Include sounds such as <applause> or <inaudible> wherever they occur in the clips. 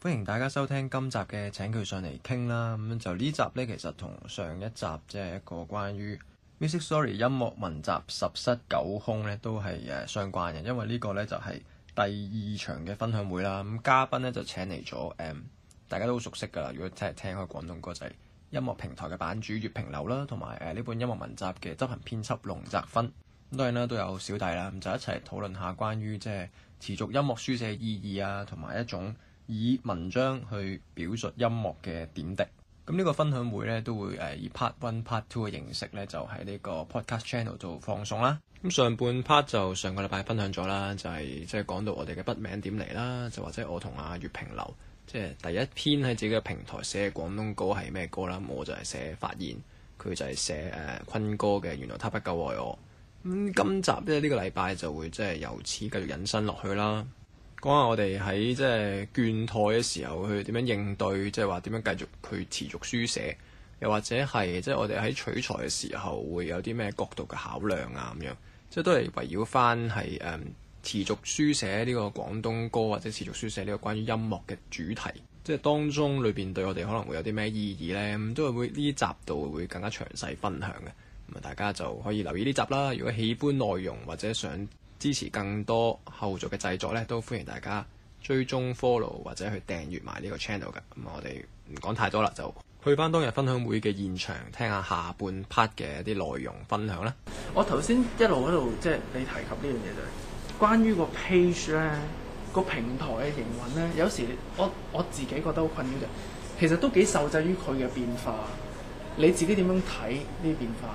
歡迎大家收聽今集嘅請佢上嚟傾啦。咁就呢集呢，其實同上一集即係一個關於《Music Story》音樂文集十室久空咧，都係誒、啊、相關嘅。因為呢個呢，就係、是、第二場嘅分享會啦。咁、嗯、嘉賓呢，就請嚟咗誒，大家都好熟悉噶啦。如果真係聽開廣東歌仔、就是、音樂平台嘅版主閱評流啦，同埋誒呢本音樂文集嘅執行編輯瀧澤勳。咁當然啦，都有小弟啦。咁就一齊討論下關於即係持續音樂書寫嘅意義啊，同埋一種。以文章去表述音樂嘅點滴，咁呢個分享會咧都會誒以 part one part two 嘅形式咧，就喺呢個 podcast channel 度放送啦。咁上半 part 就上個禮拜分享咗啦，就係即係講到我哋嘅筆名點嚟啦，就或者我同阿、啊、閱評流，即、就、係、是、第一篇喺自己嘅平台寫廣東歌係咩歌啦，我就係寫發現，佢就係寫誒坤哥嘅原來他不夠愛我。咁今集咧呢、這個禮拜就會即係由此繼續引申落去啦。講下我哋喺即係倦怠嘅時候，去點樣應對，即係話點樣繼續去持續書寫，又或者係即係我哋喺取材嘅時候會有啲咩角度嘅考量啊咁樣，即係都係圍繞翻係誒持續書寫呢個廣東歌，或者持續書寫呢個關於音樂嘅主題，即係當中裏邊對我哋可能會有啲咩意義呢，都係會呢集度會更加詳細分享嘅。咁啊，大家就可以留意呢集啦。如果喜歡內容或者想，支持更多後續嘅製作呢，都歡迎大家追蹤 follow 或者去訂閱埋呢個 channel 嘅。咁、嗯、我哋唔講太多啦，就去翻當日分享會嘅現場聽，聽下下半 part 嘅一啲內容分享啦。我頭先一路喺度即係你提及呢樣嘢，就係關於個 page 呢個平台嘅營運呢。有時我我自己覺得好困擾，就其實都幾受制於佢嘅變化。你自己點樣睇呢啲變化？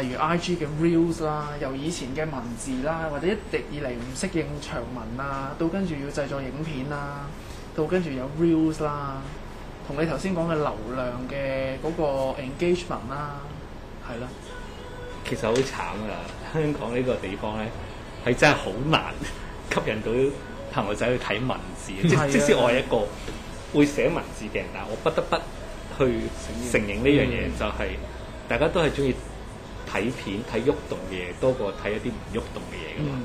例如 IG 嘅 reels 啦，由以前嘅文字啦，或者一直以嚟唔適應長文啊，到跟住要製作影片啦，到跟住有 reels 啦，同你頭先講嘅流量嘅嗰個 engagement 啦，係啦，其實好慘㗎！香港呢個地方咧，係真係好難吸引到朋友仔去睇文字。即 <laughs> 的即使我係一個會寫文字嘅人，的但係我不得不去承認呢樣嘢，就係大家都係中意。睇片睇喐動嘅嘢多過睇一啲唔喐動嘅嘢噶嘛，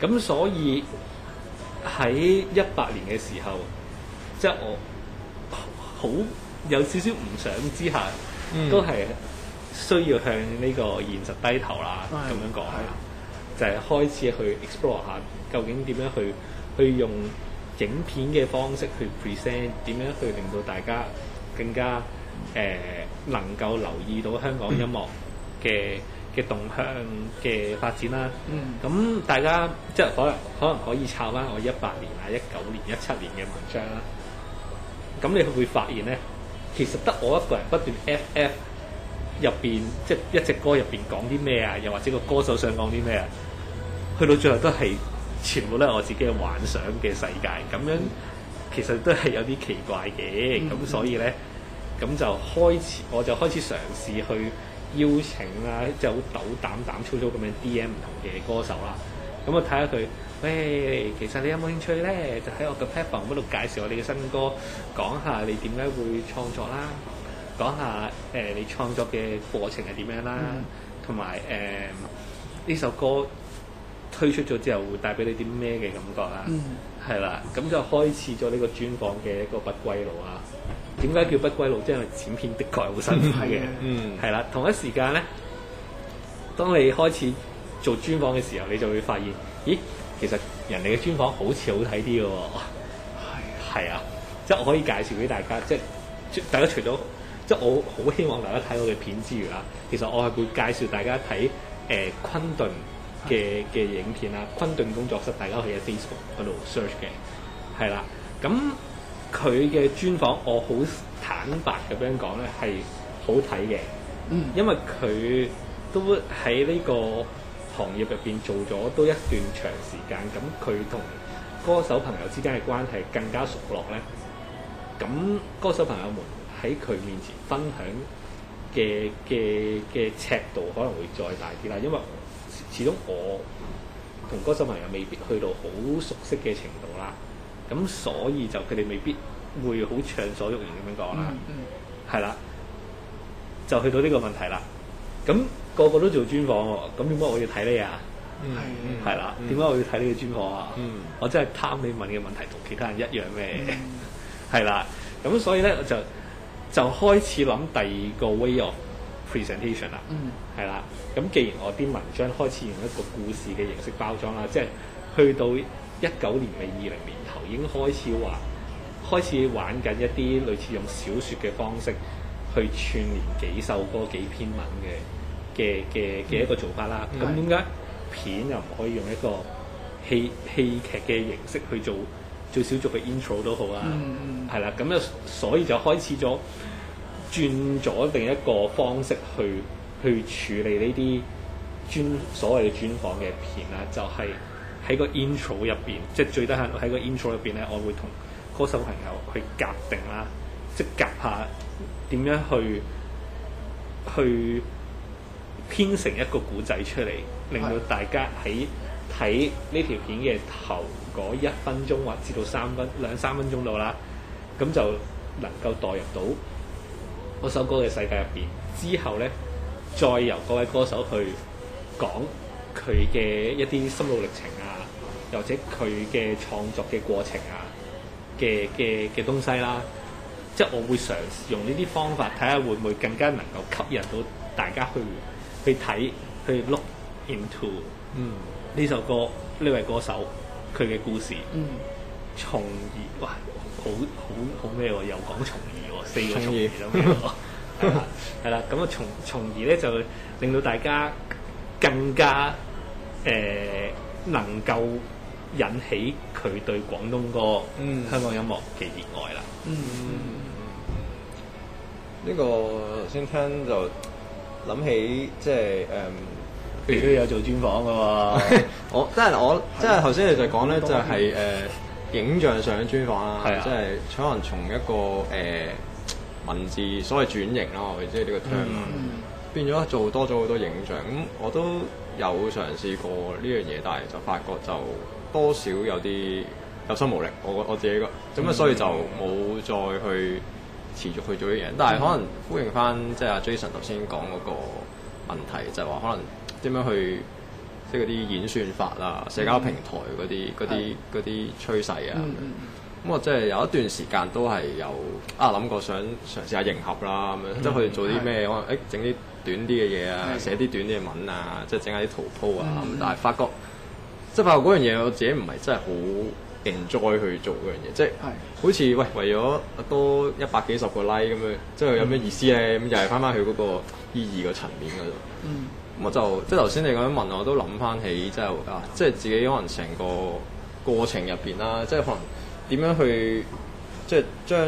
咁、嗯嗯、所以喺一八年嘅時候，即、就、係、是、我好有少少唔想之下，嗯、都係需要向呢個現實低頭啦。咁、嗯、樣講，嗯嗯、就係開始去 explore 下究竟點樣去去用影片嘅方式去 present，點樣去令到大家更加誒、呃、能夠留意到香港音樂。嗯嘅嘅動向嘅發展啦，咁、嗯、大家即係可能可能可以抄翻我一八年啊、一九年、一七年嘅文章啦。咁你會發現呢，其實得我一個人不斷 FF 入邊，即係一隻歌入邊講啲咩啊，又或者個歌手想講啲咩啊，去到最後都係全部都係我自己嘅幻想嘅世界咁樣，其實都係有啲奇怪嘅咁，嗯、所以呢，咁就開始我就開始嘗試去。邀請啦，就好斗膽膽粗粗咁樣 DM 唔同嘅歌手啦，咁我睇下佢，喂，其實你有冇興趣咧？就喺我嘅 Patreon 度介紹我哋嘅新歌，講下你點解會創作啦，講下誒、呃、你創作嘅過程係點樣啦，同埋誒呢首歌推出咗之後會帶俾你啲咩嘅感覺啊？係啦，咁、嗯、就開始咗呢個專訪嘅一個不歸路啊！點解叫不歸路？即係剪片的確係好辛苦嘅，嗯，係啦、嗯。同一時間咧，當你開始做專訪嘅時候，你就會發現，咦，其實人哋嘅專訪好似好睇啲嘅喎，係啊的，即係我可以介紹俾大家，即係大家除咗即係我好希望大家睇我嘅片之餘啦，其實我係會介紹大家睇誒、呃、昆頓嘅嘅影片啊。的昆頓工作室，大家可以喺 Facebook 嗰度 search 嘅，係啦，咁。佢嘅專訪，我好坦白咁樣講咧，係好睇嘅，因為佢都喺呢個行業入邊做咗都一段長時間，咁佢同歌手朋友之間嘅關係更加熟絡咧，咁歌手朋友們喺佢面前分享嘅嘅嘅尺度可能會再大啲啦，因為始終我同歌手朋友未必去到好熟悉嘅程度啦。咁所以就佢哋未必會好暢所欲言咁樣講啦，係啦、嗯嗯，就去到呢個問題啦。咁、那個個都做專訪喎、哦，咁點解我要睇你啊？係啦，點解我要睇你嘅專訪啊？嗯、我真係貪你問嘅問題同其他人一樣咩？係啦、嗯，咁 <laughs> 所以咧就就開始諗第二個 way of presentation 啦。係啦、嗯，咁既然我啲文章開始用一個故事嘅形式包裝啦，即、就、係、是、去到。一九年嘅二零年頭已經開始話開始玩緊一啲類似用小説嘅方式去串連幾首歌幾篇文嘅嘅嘅嘅一個做法啦。咁點解片又唔可以用一個戲戲劇嘅形式去做，最少做個 intro 都好啊。係啦、嗯，咁就所以就開始咗轉咗另一個方式去去處理呢啲專所謂嘅專訪嘅片啦，就係、是。喺個 intro 入邊，即係最低限度。喺個 intro 入邊咧，我會同歌手朋友去夾定啦，即係夾下點樣去去編成一個古仔出嚟，令到大家喺睇呢條片嘅頭一分鐘或至到三分兩三分鐘度啦，咁就能夠代入到首歌嘅世界入邊。之後咧，再由各位歌手去講佢嘅一啲心路歷程啊。又或者佢嘅創作嘅過程啊嘅嘅嘅東西啦，即係我會嘗試用呢啲方法睇下會唔會更加能夠吸引到大家去去睇去 look into，嗯呢首歌呢位、嗯、歌手佢嘅故事，嗯從而，哇好好好咩喎又講從而喎四個從而咯，係啦咁啊從從而咧就令到大家更加誒、呃、能夠。能夠引起佢對廣東歌、嗯、香港音樂嘅熱愛啦、嗯。嗯，呢、嗯嗯嗯、頭個先聽就諗起，即係誒，是你都有做專訪噶嘛？我即係我即係頭先，你就講咧，就係誒影像上嘅專訪啦。係即係可能從一個誒、呃、文字，所謂轉型咯，即係呢個 turn、嗯嗯、變咗做多咗好多影像。咁我都有嘗試過呢樣嘢，但係就發覺就。多少有啲有心無力，我我自己個，咁啊、嗯、所以就冇再去持續去做啲嘢，但係可能呼應翻即係阿 Jason 頭先講個問題，就係、是、話可能點樣去即係啲演算法啊、社交平台啲啲啲趨勢啊，咁、嗯、的我即係有一段時間都係有啊諗過想嘗試下迎合啦，咁樣即係去做啲咩，可能誒整啲短啲嘅嘢啊，寫啲短啲嘅文啊，即係整下啲圖鋪啊，咁、嗯、但係發覺。即發覺嗰樣嘢，我自己唔係真係好 enjoy 去做嗰樣嘢，即係係好似喂，為咗多一百幾十個 like 咁樣，即係有咩意思咧？咁、嗯、又係翻翻去嗰個意義個層面嗰度。嗯，我就即係頭先你咁樣問，我都諗翻起即係啊，即係自己可能成個過程入邊啦，即係可能點樣去。即係將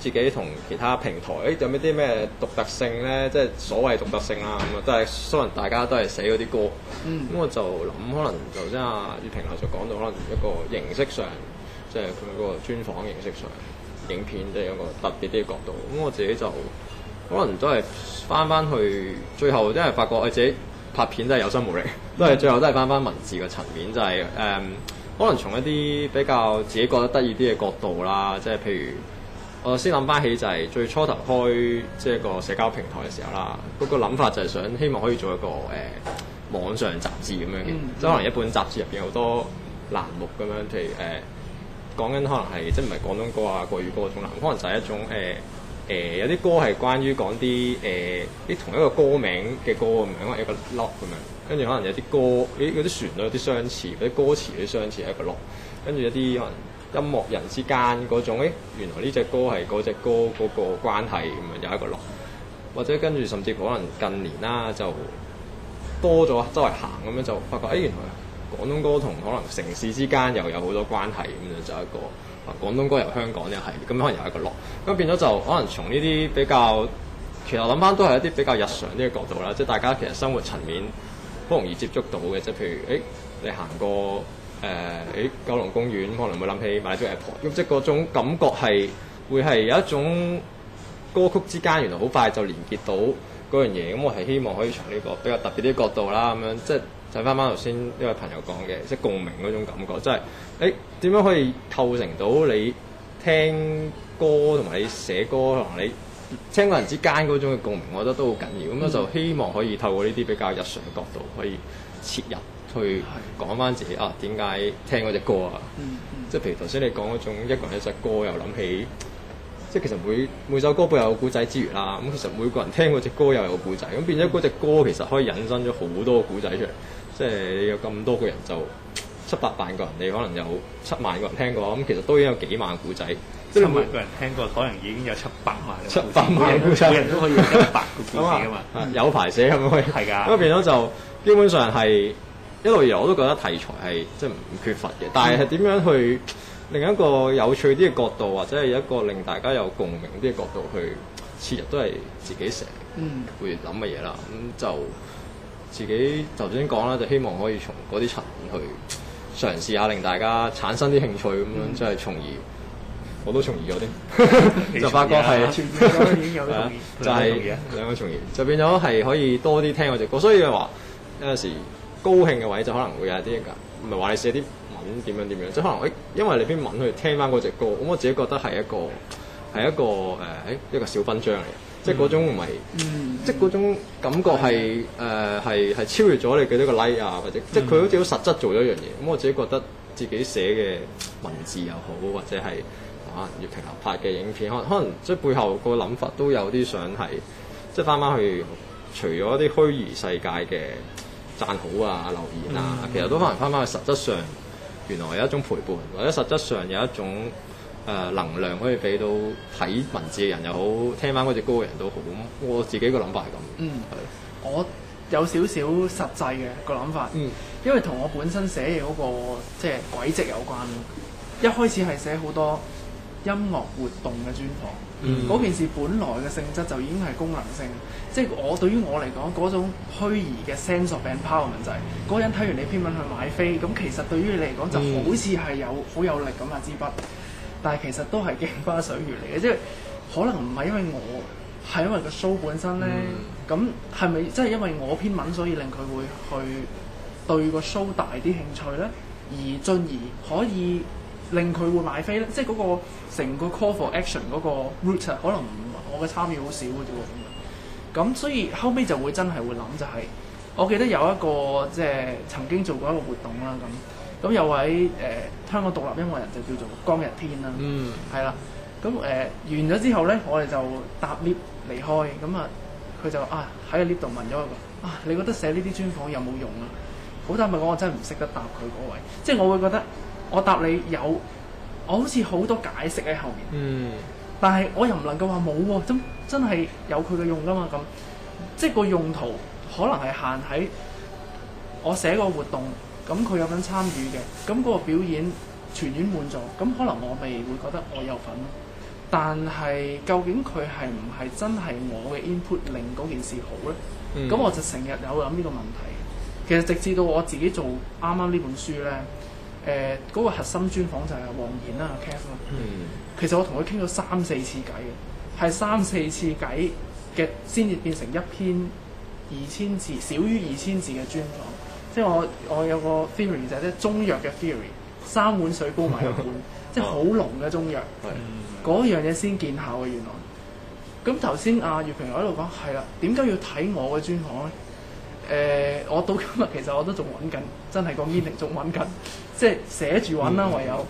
自己同其他平台，誒有咩啲咩獨特性咧？即係所謂獨特性啦，咁啊都係雖然大家都係寫嗰啲歌，咁、嗯、我就諗，可能頭先阿葉平華就講到，可能一個形式上，即係佢個專訪形式上，影片即就有個特別啲嘅角度。咁我自己就可能都係翻翻去最後，真係發覺我自己拍片都係有心無力，都係、嗯、最後都係翻翻文字嘅層面，就係、是、誒。嗯。可能從一啲比較自己覺得得意啲嘅角度啦，即係譬如我先諗翻起就係最初頭開即係個社交平台嘅時候啦，嗰、那個諗法就係想希望可以做一個誒、呃、網上雜誌咁樣嘅，即係、嗯嗯、可能一本雜誌入邊好多欄目咁樣，譬如誒、呃、講緊可能係即係唔係廣東歌啊、國語歌嗰種欄目，可能就係一種誒。呃誒、呃、有啲歌係關於講啲誒啲同一個歌名嘅歌咁樣，一個轆咁樣。跟住可能有啲歌，啲啲旋律有啲相似，啲歌詞有啲相似，係一個轆。跟住一啲可能音樂人之間嗰種，原來呢隻歌係嗰隻歌嗰個關係，咁樣有一個轆。或者跟住甚至可能近年啦、啊，就多咗周圍行咁樣就發覺，誒原來廣東歌同可能城市之間又有好多關係咁樣，就一個。啊！廣東歌由香港咧，係，咁可能有一個落，咁變咗就可能從呢啲比較，其實我諗翻都係一啲比較日常啲嘅角度啦，即係大家其實生活層面好容易接觸到嘅，即係譬如，誒、欸，你行過誒，誒、呃欸，九龍公園，可能會諗起買咗 Apple，咁即係嗰種感覺係會係有一種歌曲之間，原來好快就連結到嗰樣嘢，咁我係希望可以從呢個比較特別啲角度啦咁樣即。就翻翻頭先一位朋友講嘅，即係共鳴嗰種感覺，即係誒點樣可以構成到你聽歌同埋你寫歌同你聽個人之間嗰種嘅共鳴，我覺得都好緊要。咁我就希望可以透過呢啲比較日常嘅角度，可以切入去講翻自己是啊，點解聽嗰隻歌啊？嗯、即係譬如頭先你講嗰種一個人一首歌又諗起，即係其實每每首歌背有個故仔之餘啦，咁其實每個人聽嗰隻歌又有個故仔，咁變咗嗰隻歌其實可以引申咗好多個故仔出嚟。嗯即係有咁多個人，就七百萬個人，你可能有七萬個人聽過，咁其實都已經有幾萬故仔。七萬個人聽過，可能已經有七百萬個七百萬個故仔，人都可以一百個故事㗎嘛。 <laughs> 嗯、有排寫咁可以。係㗎。咁的變咗就基本上係一路嚟，我都覺得題材係即係唔缺乏嘅。但係係點樣去令一個有趣啲嘅角度，或者係一個令大家有共鳴啲嘅角度去切入，都係自己寫會諗嘅嘢啦。咁、嗯、就。自己頭先講啦，就希望可以從嗰啲層去嘗試下，令大家產生啲興趣咁、嗯、樣，即係從而，我都從而有啲， <laughs> 啊、 <laughs> 就發覺係，啊、 <laughs> 就係兩個從而， <laughs> 就變咗係可以多啲聽嗰隻歌。所以話有時高興嘅位就可能會有啲㗎，唔係話你寫啲文點樣點樣，即係可能誒、哎，因為你篇文去聽翻嗰隻歌，咁我自己覺得係一個係一個誒、嗯哎，一個小勳章嚟。即係嗰種唔係，嗯嗯、即係嗰種感覺係誒係係超越咗你幾多個 like 啊，或者即係佢好似好實質做咗一樣嘢。咁、嗯、我自己覺得自己寫嘅文字又好，或者係啊閱評流拍嘅影片，可可能即係背後個諗法都有啲想係即係翻翻去除咗啲虛擬世界嘅贊好啊留言啊，嗯、其實都可能翻翻去實質上原來有一種陪伴，或者實質上有一種。誒能量可以俾到睇文字嘅人又好，聽翻嗰隻歌嘅人都好。我自己個諗法係咁。嗯，是我有少少實際嘅個諗法，嗯、因為同我本身寫嘢嗰、那個即係軌跡有關。一開始係寫好多音樂活動嘅專訪，嗰、嗯、件事本來嘅性質就已經係功能性。即、就、係、是、我對於我嚟講嗰種虛擬嘅 sense of empowerment 文就係嗰個人睇完你篇文去買飛，咁其實對於你嚟講就好似係有好有力咁啊支筆。嗯嗯但係其實都係鏡花水月嚟嘅，即係可能唔係因為我，係因為個 show 本身咧，咁係咪即係因為我篇文所以令佢會去對個 show 大啲興趣咧，而進而可以令佢會買飛咧，即係嗰個成個 call for action 嗰個 route 可能我嘅參與好少嘅咁喎，咁所以後尾就會真係會諗就係、是，我記得有一個即係曾經做過一個活動啦咁。咁有位誒、呃、香港獨立音樂人就叫做江日天啦、啊，係啦、嗯，咁誒、啊呃、完咗之後咧，我哋就搭 lift 離開，咁啊，佢就啊喺 lift 度問咗一個啊，你覺得寫呢啲專訪有冇用啊？好坦白講，我真係唔識得答佢嗰位，即係我會覺得我答你有，我好似好多解釋喺後面，嗯、但係我又唔能夠話冇喎，咁真係有佢嘅用㗎、啊、嘛，咁即係個用途可能係限喺我寫個活動。咁佢有份參與嘅，咁個表演全院滿座，咁可能我咪會覺得我有份咯。但係究竟佢係唔係真係我嘅 input 令件事好咧？咁、嗯、我就成日有諗呢個問題，其實直至到我自己做啱啱呢本書咧，誒、呃、嗰、那個、核心專訪就係黃妍啦、Cath 啦。嗯、其實我同佢傾咗三四次偈嘅，係三四次偈嘅先至變成一篇二千字、少於二千字嘅專訪。即係我我有個 theory 就係咧，中藥嘅 theory 三碗水煲埋一碗， <laughs> 即係好濃嘅中藥嗰 <laughs> 樣嘢先見效嘅。原來。咁頭先阿閱評流喺度講，係啦，點解要睇我嘅專訪咧？誒、呃，我到今日其實我都仲揾緊，真係個 meaning 仲揾緊，即係寫住揾啦，唯有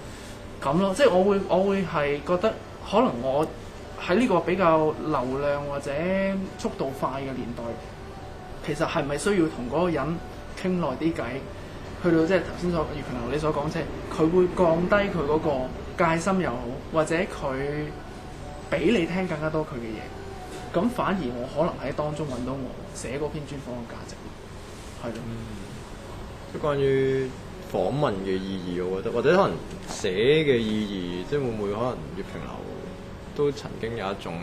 咁 <laughs> 咯。即係我會我會係覺得，可能我喺呢個比較流量或者速度快嘅年代，其實係咪需要同嗰個人？傾耐啲偈，去到即係頭先所閱評流你所講即係，佢會降低佢嗰個戒心又好，或者佢俾你聽更加多佢嘅嘢，咁反而我可能喺當中揾到我寫嗰篇專訪嘅價值咯，係咯、嗯。關於訪問嘅意義，我覺得，或者可能寫嘅意義，即係會唔會可能閱評流都曾經有一種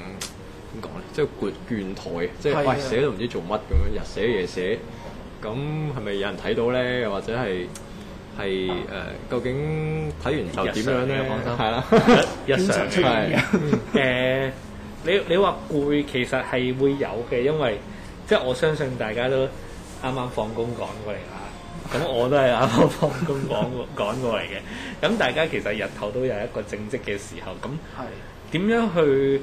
點講咧，呢就是、的即係攰倦怠，即係發寫都唔知做乜咁樣，日寫夜寫。嗯寫咁係咪有人睇到呢？又或者係係誒？究竟睇完後點樣呢？放心係啦，日常出嚟。你你話攰其實係會有嘅，因為即係我相信大家都啱啱放工趕過嚟啦。咁我都係啱啱放工趕趕過嚟嘅。咁大家其實日頭都有一個正職嘅時候。咁點樣去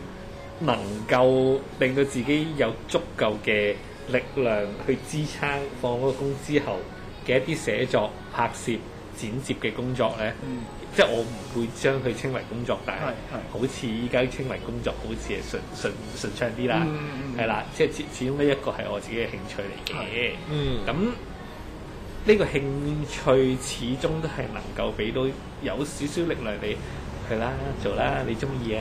能夠令到自己有足夠嘅力量去支撐放咗工之後嘅一啲寫作、拍攝、剪接嘅工作咧，嗯、即係我唔會將佢稱為工作，但係好似依家稱為工作好順，好似係順順順暢啲啦，係、嗯嗯嗯嗯、啦，即係始始終咧一個係我自己嘅興趣嚟嘅，咁呢、嗯嗯這個興趣始終都係能夠俾到有少少力量你係啦做啦，你中意嘅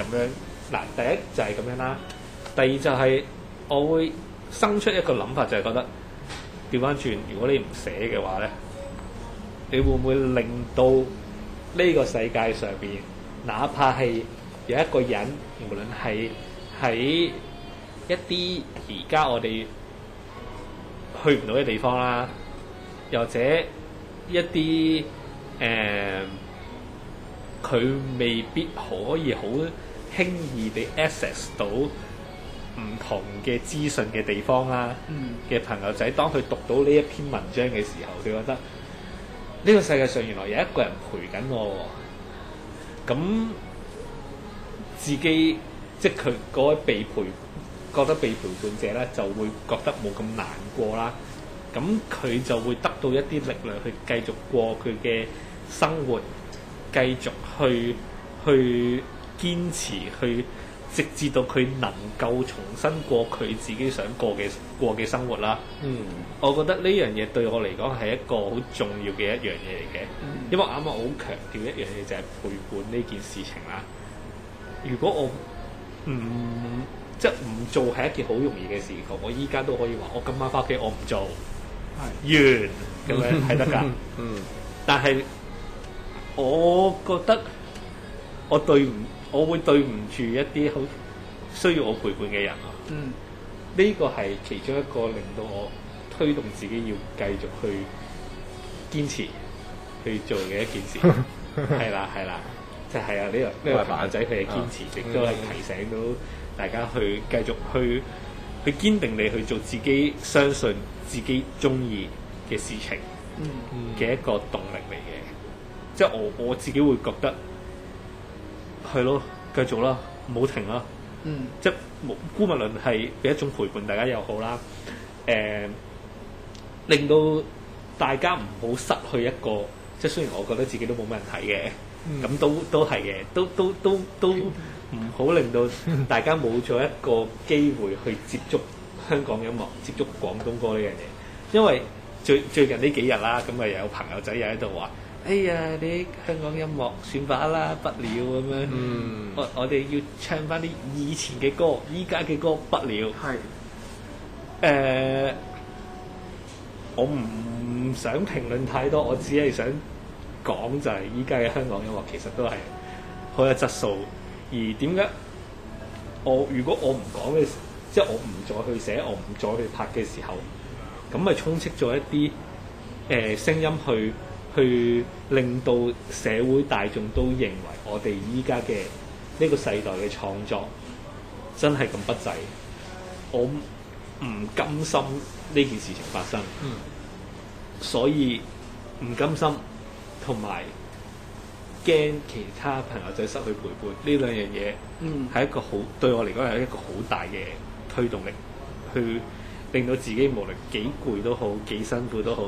咁樣嗱，第一就係、是、咁樣啦，第二就係我會。生出一個諗法，就係覺得掉返轉，如果你唔寫嘅話咧，你會唔會令到呢個世界上邊，哪怕係有一個人，無論係喺一啲而家我哋去唔到嘅地方啦，又或者一啲誒，佢、呃、未必可以好輕易地 access 到唔同嘅資訊嘅地方啦，嘅、嗯、朋友仔，當佢讀到呢一篇文章嘅時候，佢覺得呢、這個世界上原來有一個人陪緊我喎、哦，咁、嗯、自己即係佢嗰位被陪覺得被陪伴者呢，就會覺得冇咁難過啦。咁、嗯、佢就會得到一啲力量去繼續過佢嘅生活，繼續去去堅持去。直至到佢能夠重新過佢自己想過嘅過嘅生活啦。嗯，我覺得呢樣嘢對我嚟講係一個好重要嘅一樣嘢嚟嘅。嗯、因為我啱啱好強調一樣嘢就係陪伴呢件事情啦。如果我唔、嗯嗯、即係唔做係一件好容易嘅事，我我依家都可以話我今晚返屋企我唔做的完咁樣係得㗎。嗯，嗯嗯但係我覺得。我對唔，我會對唔住一啲好需要我陪伴嘅人啊！嗯，呢個係其中一個令到我推動自己要繼續去堅持去做嘅一件事，係啦係啦，嗯、就係啊！呢個呢個棚仔佢係堅持亦都係提醒到大家去繼、嗯、續去去堅定地去做自己相信、自己中意嘅事情，嘅一個動力嚟嘅。嗯嗯嗯、即係我我自己會覺得。係咯，繼續啦，唔好停啦。嗯，即係無論係俾一種陪伴，大家又好啦。誒、呃，令到大家唔好失去一個，即係雖然我覺得自己都冇乜人睇嘅，咁、嗯、都都係嘅，都都都都唔好令到大家冇咗一個機會去接觸香港音樂、接觸廣東歌呢樣嘢。因為最最近呢幾日啦，咁、嗯、啊有朋友仔又喺度話。哎呀！你香港音樂算把啦，不了咁樣、嗯。我我哋要唱翻啲以前嘅歌，依家嘅歌不了。係是。誒、呃，我唔想評論太多，嗯、我只係想講就係依家嘅香港音樂其實都係好有質素。而點解我如果我唔講嘅，即、就、係、是、我唔再去寫，我唔再去拍嘅時候，咁咪充斥咗一啲誒聲音去。去令到社會大眾都認為我哋依家嘅呢個世代嘅創作真係咁不濟，我唔甘心呢件事情發生，嗯、所以唔甘心同埋驚其他朋友仔失去陪伴呢兩樣嘢，係一個好、嗯、對我嚟講係一個好大嘅推動力，去令到自己無論幾攰都好，幾辛苦都好，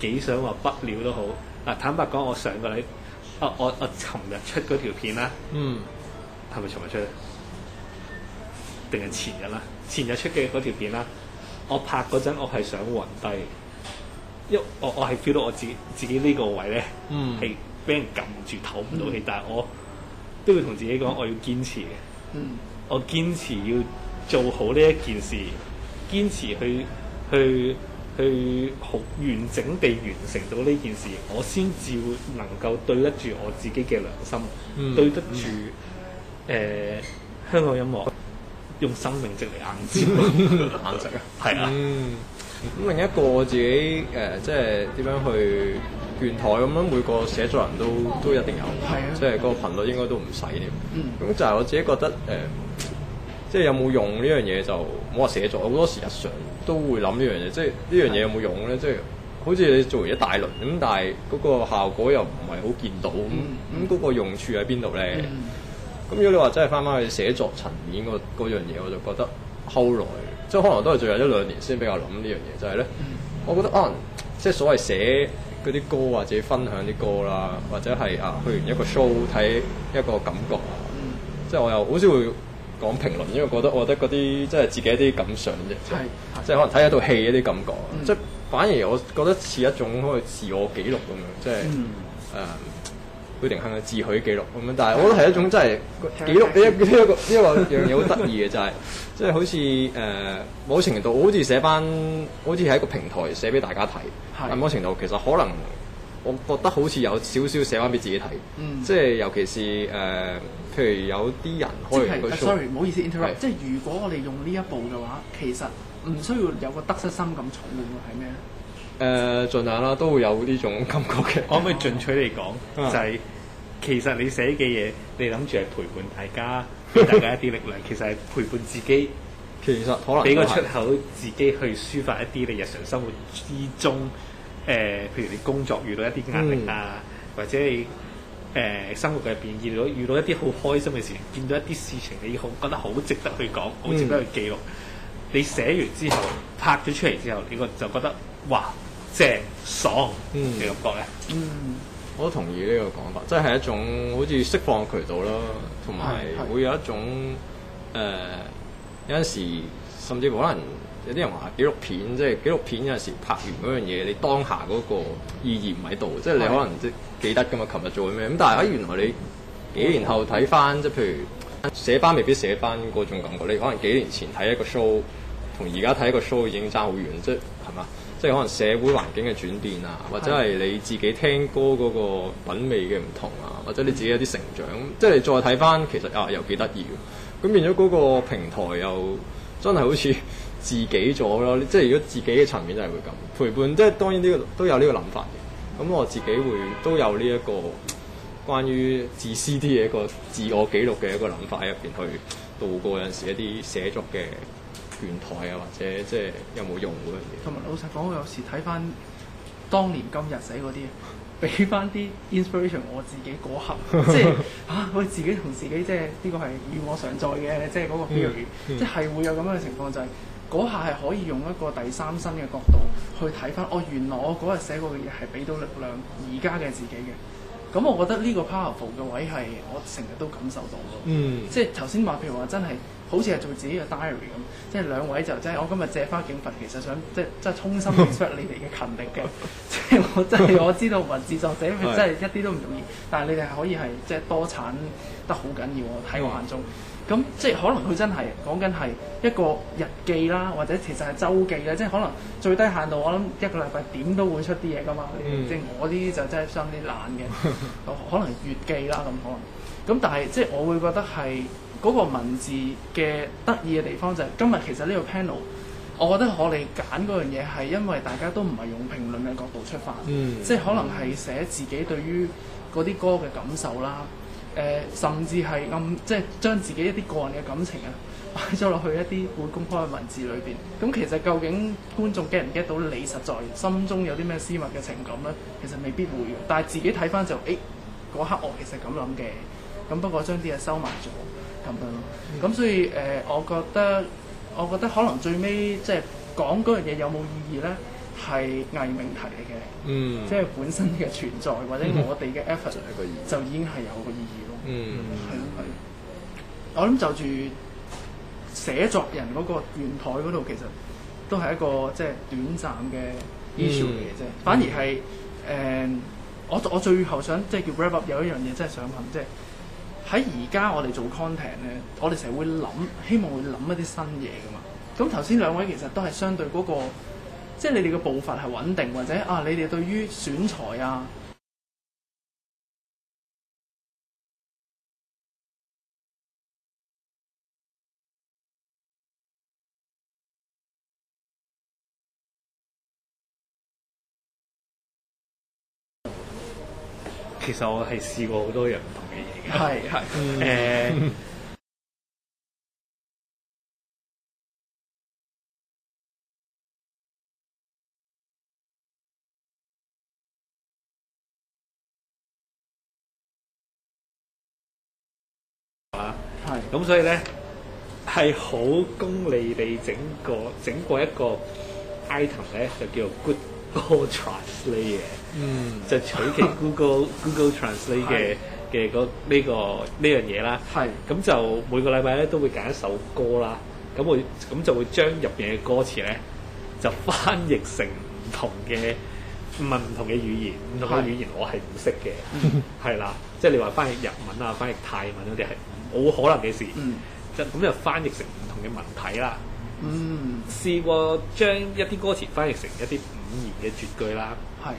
幾想話不了都好。嗱，坦白講，我上個禮，啊，我我尋日出嗰條片啦，嗯，係咪尋日出定係前日啦？前日出嘅嗰條片啦，我拍嗰陣，我係想暈低，因為我我係 feel 到我自己自己呢個位咧，嗯，係俾人撳住，唞唔到氣，嗯、但係我都要同自己講，我要堅持嘅，嗯，我堅持要做好呢一件事，堅持去去，去去好完整地完成到呢件事，我先至會能夠對得住我自己嘅良心，嗯、對得住誒、嗯呃、香港音樂，用生命值嚟硬戰 <laughs> <laughs> 硬食啊！係啊、嗯，咁另一個我自己誒、呃，即係點樣去原台咁樣，每個寫作人都都一定有，即係、嗯、個頻率應該都唔使添。咁、嗯、就係我自己覺得誒。呃即係有冇用呢樣嘢就冇話寫作，好多時日常都會諗呢樣嘢，即係呢樣嘢有冇用咧？是的 即係好似你做完一大輪咁，但係嗰個效果又唔係好見到咁，咁嗰、嗯嗯、個用處喺邊度咧？咁、嗯、如果你話真係返返去寫作層面嗰樣嘢，我就覺得後來即係可能都係最近一兩年先比較諗呢樣嘢，就係、是、咧，嗯、我覺得可能即係所謂寫嗰啲歌或者分享啲歌啦，或者係啊去完一個 show 睇一個感覺、嗯嗯、即係我又好少會。講評論，因為覺得我覺得嗰啲即係自己一啲感想啫，即係可能睇一套戲一啲感覺，嗯、即係反而我覺得似一種可以自我記錄咁樣，嗯、即係誒，不一定係自許記錄咁樣，但係我覺得係一種真係記錄呢一呢一個呢一個樣嘢好得意嘅就係，即係好似誒某程度好似寫翻，好似喺一個平台寫俾大家睇，是某程度其實可能。我覺得好似有少少寫翻俾自己睇，嗯、即係尤其是誒、呃，譬如有啲人可能，嗯、sorry 唔好意思 interrupt 即係如果我哋用呢一步嘅話，其實唔需要有個得失心咁重喎，係咩咧？誒、呃，盡量啦，都會有呢種感覺嘅。可唔可以進取嚟講，啊、就係其實你寫嘅嘢，你諗住係陪伴大家，俾大家一啲力量， <laughs> 其實係陪伴自己，其實俾個出口，自己去抒發一啲你日常生活之中。誒、呃，譬如你工作遇到一啲壓力啊，嗯、或者你誒、呃、生活嘅入邊遇到遇到一啲好開心嘅事情，見到一啲事情你好覺得好值得去講，好值得去記錄。嗯、你寫完之後拍咗出嚟之後，你個就覺得哇，正爽嘅感、嗯、覺咧。嗯，我都同意呢個講法，即係一種好似釋放嘅渠道咯，同埋會有一種誒、呃、有陣時甚至可能。有啲人話紀錄片，即係紀錄片有陣時拍完嗰樣嘢，你當下嗰個意義唔喺度，即係你可能即記得㗎嘛，琴日做咩？咁但係喺原來你幾年後睇翻，即係譬如寫翻未必寫翻嗰種感覺。你可能幾年前睇一個 show，同而家睇一個 show 已經爭好遠，即係係嘛？即係可能社會環境嘅轉變啊，或者係你自己聽歌嗰個品味嘅唔同啊，或者你自己有啲成長，的即係你再睇翻其實啊又幾得意。咁變咗嗰個平台又真係好似～自己咗咯，即係如果自己嘅層面都係會咁陪伴，即係當然呢、呢個都有呢個諗法嘅。咁我自己會都有呢一個關於自私啲嘅一個自我記錄嘅一個諗法入邊去度過有陣時一啲寫作嘅倦怠啊，或者即係有冇用嗰樣嘢。同埋老實講，我有時睇翻當年今日寫嗰啲，俾翻啲 inspiration 我自己嗰刻， <laughs> 即係嚇、啊、我自己同自己，即係呢個係與我常在嘅，即係嗰個譬如，嗯嗯、即係會有咁樣嘅情況就係、是。嗰下係可以用一個第三身嘅角度去睇翻。哦，原來我嗰日寫過嘅嘢係俾到力量而家嘅自己嘅，咁我覺得呢個 powerful 嘅位係我成日都感受到咯，嗯、即係頭先話譬如話真係好似係做自己嘅 diary 咁，即係兩位就真、是、係我今日借花敬佛，其實想即係即係衷心嘅 show 出你哋嘅勤力嘅，即係 <laughs> <laughs> <laughs> 我真係我知道文字作者真係一啲都唔容易，是但係你哋係可以係即係多產得好緊要我睇我眼中。嗯咁即係可能佢真係講緊係一個日記啦，或者其實係週記啦。即係可能最低限度我諗一個禮拜點都會出啲嘢噶嘛。Mm. 即係我啲就真係相當之懶嘅， <laughs> 可能係月記啦咁可能。咁但係即係我會覺得係嗰、那個文字嘅得意嘅地方就係、是、今日其實呢個 panel，我覺得我哋揀嗰樣嘢係因為大家都唔係用評論嘅角度出發，mm. 即係可能係寫自己對於嗰啲歌嘅感受啦。誒、呃，甚至係暗，即係將自己一啲個人嘅感情啊，擺咗落去一啲會公開嘅文字裏邊，咁其實究竟觀眾 get 唔 get 到你實在心中有啲咩私密嘅情感咧？其實未必會嘅。但係自己睇翻就，誒、欸、嗰刻我其實咁諗嘅。咁不過將啲嘢收埋咗咁樣咯。咁、嗯、所以誒、呃、我覺得，我覺得可能最尾即係講樣嘢有冇意義咧，係偽命題嚟嘅。嗯。即係本身嘅存在，或者我哋嘅 effort 就已經係有個意義。嗯，係啊，係。 <noise> 我諗就住寫作人嗰個圓台嗰度，其實都係一個即係、就是、短暫嘅 issue 嚟嘅啫。嗯、反而係誒、嗯，我我最後想即係、就是、叫 wrap up 有一樣嘢，真係想問，即係喺而家我哋做 content 咧，我哋成日會諗，希望會諗一啲新嘢㗎嘛。咁頭先兩位其實都係相對嗰、那個，即、就、係、是、你哋嘅步伐係穩定，或者啊，你哋對於選材啊。其實我係試過好多樣唔同嘅嘢嘅，係係誒，係咁，所以咧，係好功利地整個整過一個 item 咧，就叫做 good。歌 or translate 嘅，mm. 就取其 Google, Google Google translate 嘅嘅呢、 <laughs> 呢個呢樣嘢啦。係、這、咁、個、 <noise> 就每個禮拜咧都會揀一首歌啦。咁會咁就會將入邊嘅歌詞咧就翻譯成唔同嘅唔係唔同嘅語言，唔 <noise> 同嘅語言我係唔識嘅係啦。即係、 <noise> 就是、你話翻譯日文啊、翻譯泰文嗰啲係冇可能嘅事。Mm. 就咁就翻譯成唔同嘅文體啦。嗯，試過將一啲歌詞翻譯成一啲。五言嘅絕句啦，係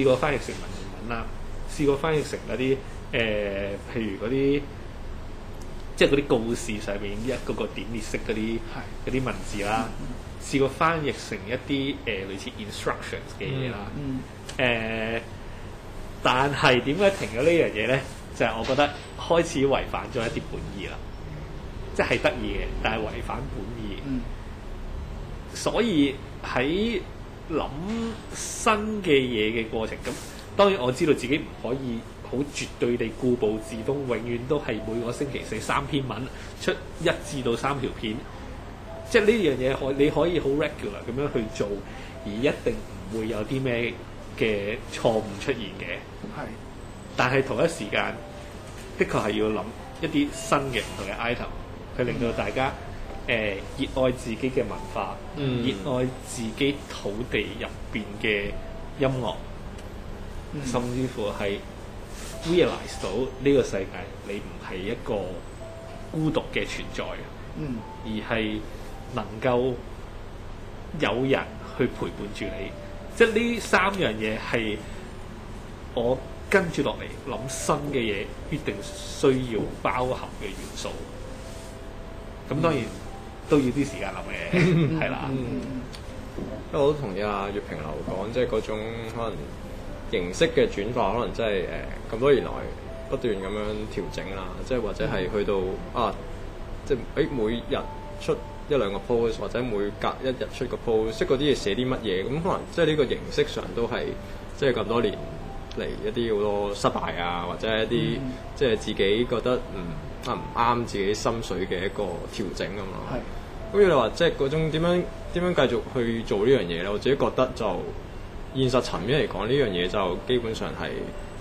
試過翻譯成文言文啦，試過翻譯成嗰啲誒，譬如嗰啲即係嗰啲告示上面一個個點列式嗰啲嗰啲文字啦，試過翻譯成一啲誒、呃、類似 instructions 嘅嘢啦，誒、嗯嗯呃，但係點解停咗呢樣嘢咧？就係、是、我覺得開始違反咗一啲本意啦，嗯、即係得意嘅，但係違反本意，嗯、所以喺，諗新嘅嘢嘅過程，咁當然我知道自己唔可以好絕對地固步自封，永遠都係每個星期寫三篇文，出一至到三條片。即係呢樣嘢可你可以好 regular 咁樣去做，而一定唔會有啲咩嘅錯誤出現嘅。係的，但係同一時間，的確係要諗一啲新嘅唔同嘅 item，去令到大家、嗯。誒熱愛自己嘅文化，mm hmm. 熱愛自己土地入邊嘅音樂，mm hmm. 甚至乎係 realize 到呢個世界，你唔係一個孤獨嘅存在嘅，mm hmm. 而係能夠有人去陪伴住你。即係呢三樣嘢係我跟住落嚟諗新嘅嘢，必定需要包含嘅元素。咁當然。Mm hmm. 都要啲時間諗嘅，係 <laughs> 啦上。嗯，UT :嗯，我都同意阿、啊、閱評流講，即係嗰種可能形式嘅轉化，可能真係誒咁多年來不斷咁樣調整啦。即係或者係去到啊，即係誒每日出一兩個 post 或者每隔一日出一個 post 識嗰啲嘢寫啲乜嘢，咁可能即係呢個形式上都係即係咁多年嚟一啲好多失敗啊，或者一啲即係自己覺得嗯。啊唔啱自己心水嘅一個調整啊嘛，咁如你話即係嗰種點樣點樣繼續去做呢樣嘢咧？我自己覺得就現實層面嚟講，呢樣嘢就基本上係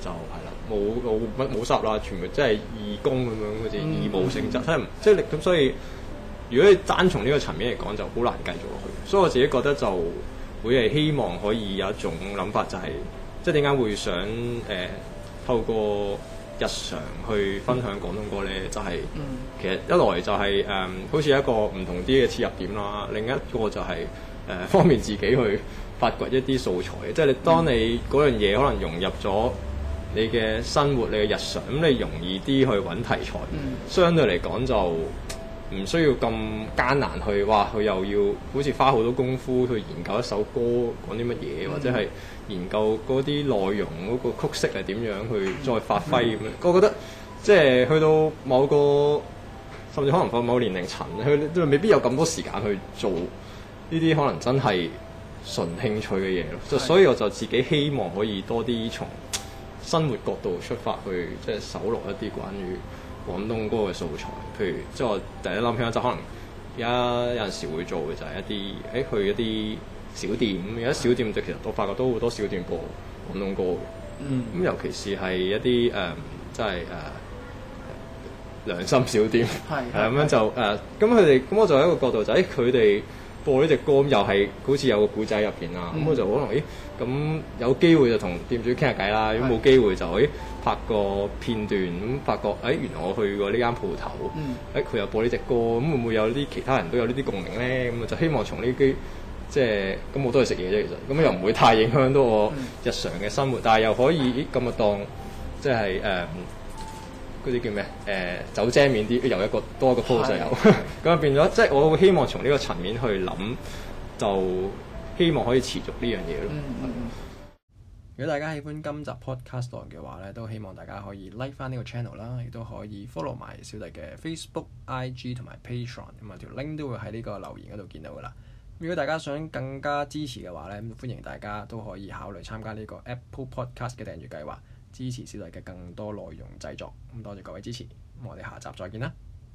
就係啦，冇冇乜冇執啦，全部即係義工咁樣好似義務性質、嗯嗯嗯嗯，即係即係咁，所以如果你單從呢個層面嚟講，就好難繼續落去。所以我自己覺得就會係希望可以有一種諗法、就係，就係、係、即係點解會想誒、呃、透過。日常去分享廣東歌呢，就係，嗯，其實一來就係，誒，嗯，好似一個唔同啲嘅切入點啦。另一個就係，誒，方便自己去發掘一啲素材。即係你當你嗰樣嘢可能融入咗你嘅生活、你嘅日常，咁你容易啲去揾題材。嗯，相對嚟講就。唔需要咁艱難去，哇！佢又要好似花好多功夫去研究一首歌講啲乜嘢，嗯、或者係研究嗰啲內容嗰、嗰個曲式係點樣去再發揮咁樣。嗯、我覺得即係、就是、去到某個，甚至可能喺某個年齡層，佢都未必有咁多時間去做呢啲可能真係純興趣嘅嘢咯。的所以我就自己希望可以多啲從生活角度出發去，即係搜羅一啲關於廣東歌嘅素材，譬如即係我第一諗起就可能，而家有陣時會做嘅就係一啲誒、哎、去一啲小店，咁而家小店就其實都發覺都好多小店播廣東歌嘅，咁、嗯、尤其是係一啲誒即係誒良心小店，係咁樣就誒，咁佢哋咁我就有一個角度就係佢哋。播呢隻歌咁又係好似有個古仔入邊啊，咁、嗯、我就可能咦咁有機會就同店主傾下偈啦，是如果冇機會就可以拍個片段咁，發覺誒原來我去過呢間鋪頭，誒佢、嗯、又播呢隻歌，咁會唔會有啲其他人都有呢啲共鳴咧？咁就希望從呢啲即係咁我都係食嘢啫，其實咁又唔會太影響到我日常嘅生活，是但係又可以咁咪是當即係誒。呃嗰啲叫咩？誒、呃、走遮面啲，又一個多一個科就有，咁啊、哎、呀 <laughs> 變咗，即、就、係、是、我會希望從呢個層面去諗，就希望可以持續呢樣嘢咯。嗯嗯、是如果大家喜歡今集 podcast 嘅話咧，都希望大家可以 like 翻呢個 channel 啦，亦都可以 follow 埋小弟嘅 Facebook、IG 同埋 Patreon，咁啊條 link 都會喺呢個留言嗰度見到噶啦。如果大家想更加支持嘅話咧，咁歡迎大家都可以考慮參加呢個 Apple Podcast 嘅訂閱計劃。支持小弟嘅更多內容製作，咁多謝各位支持，咁我哋下集再見啦。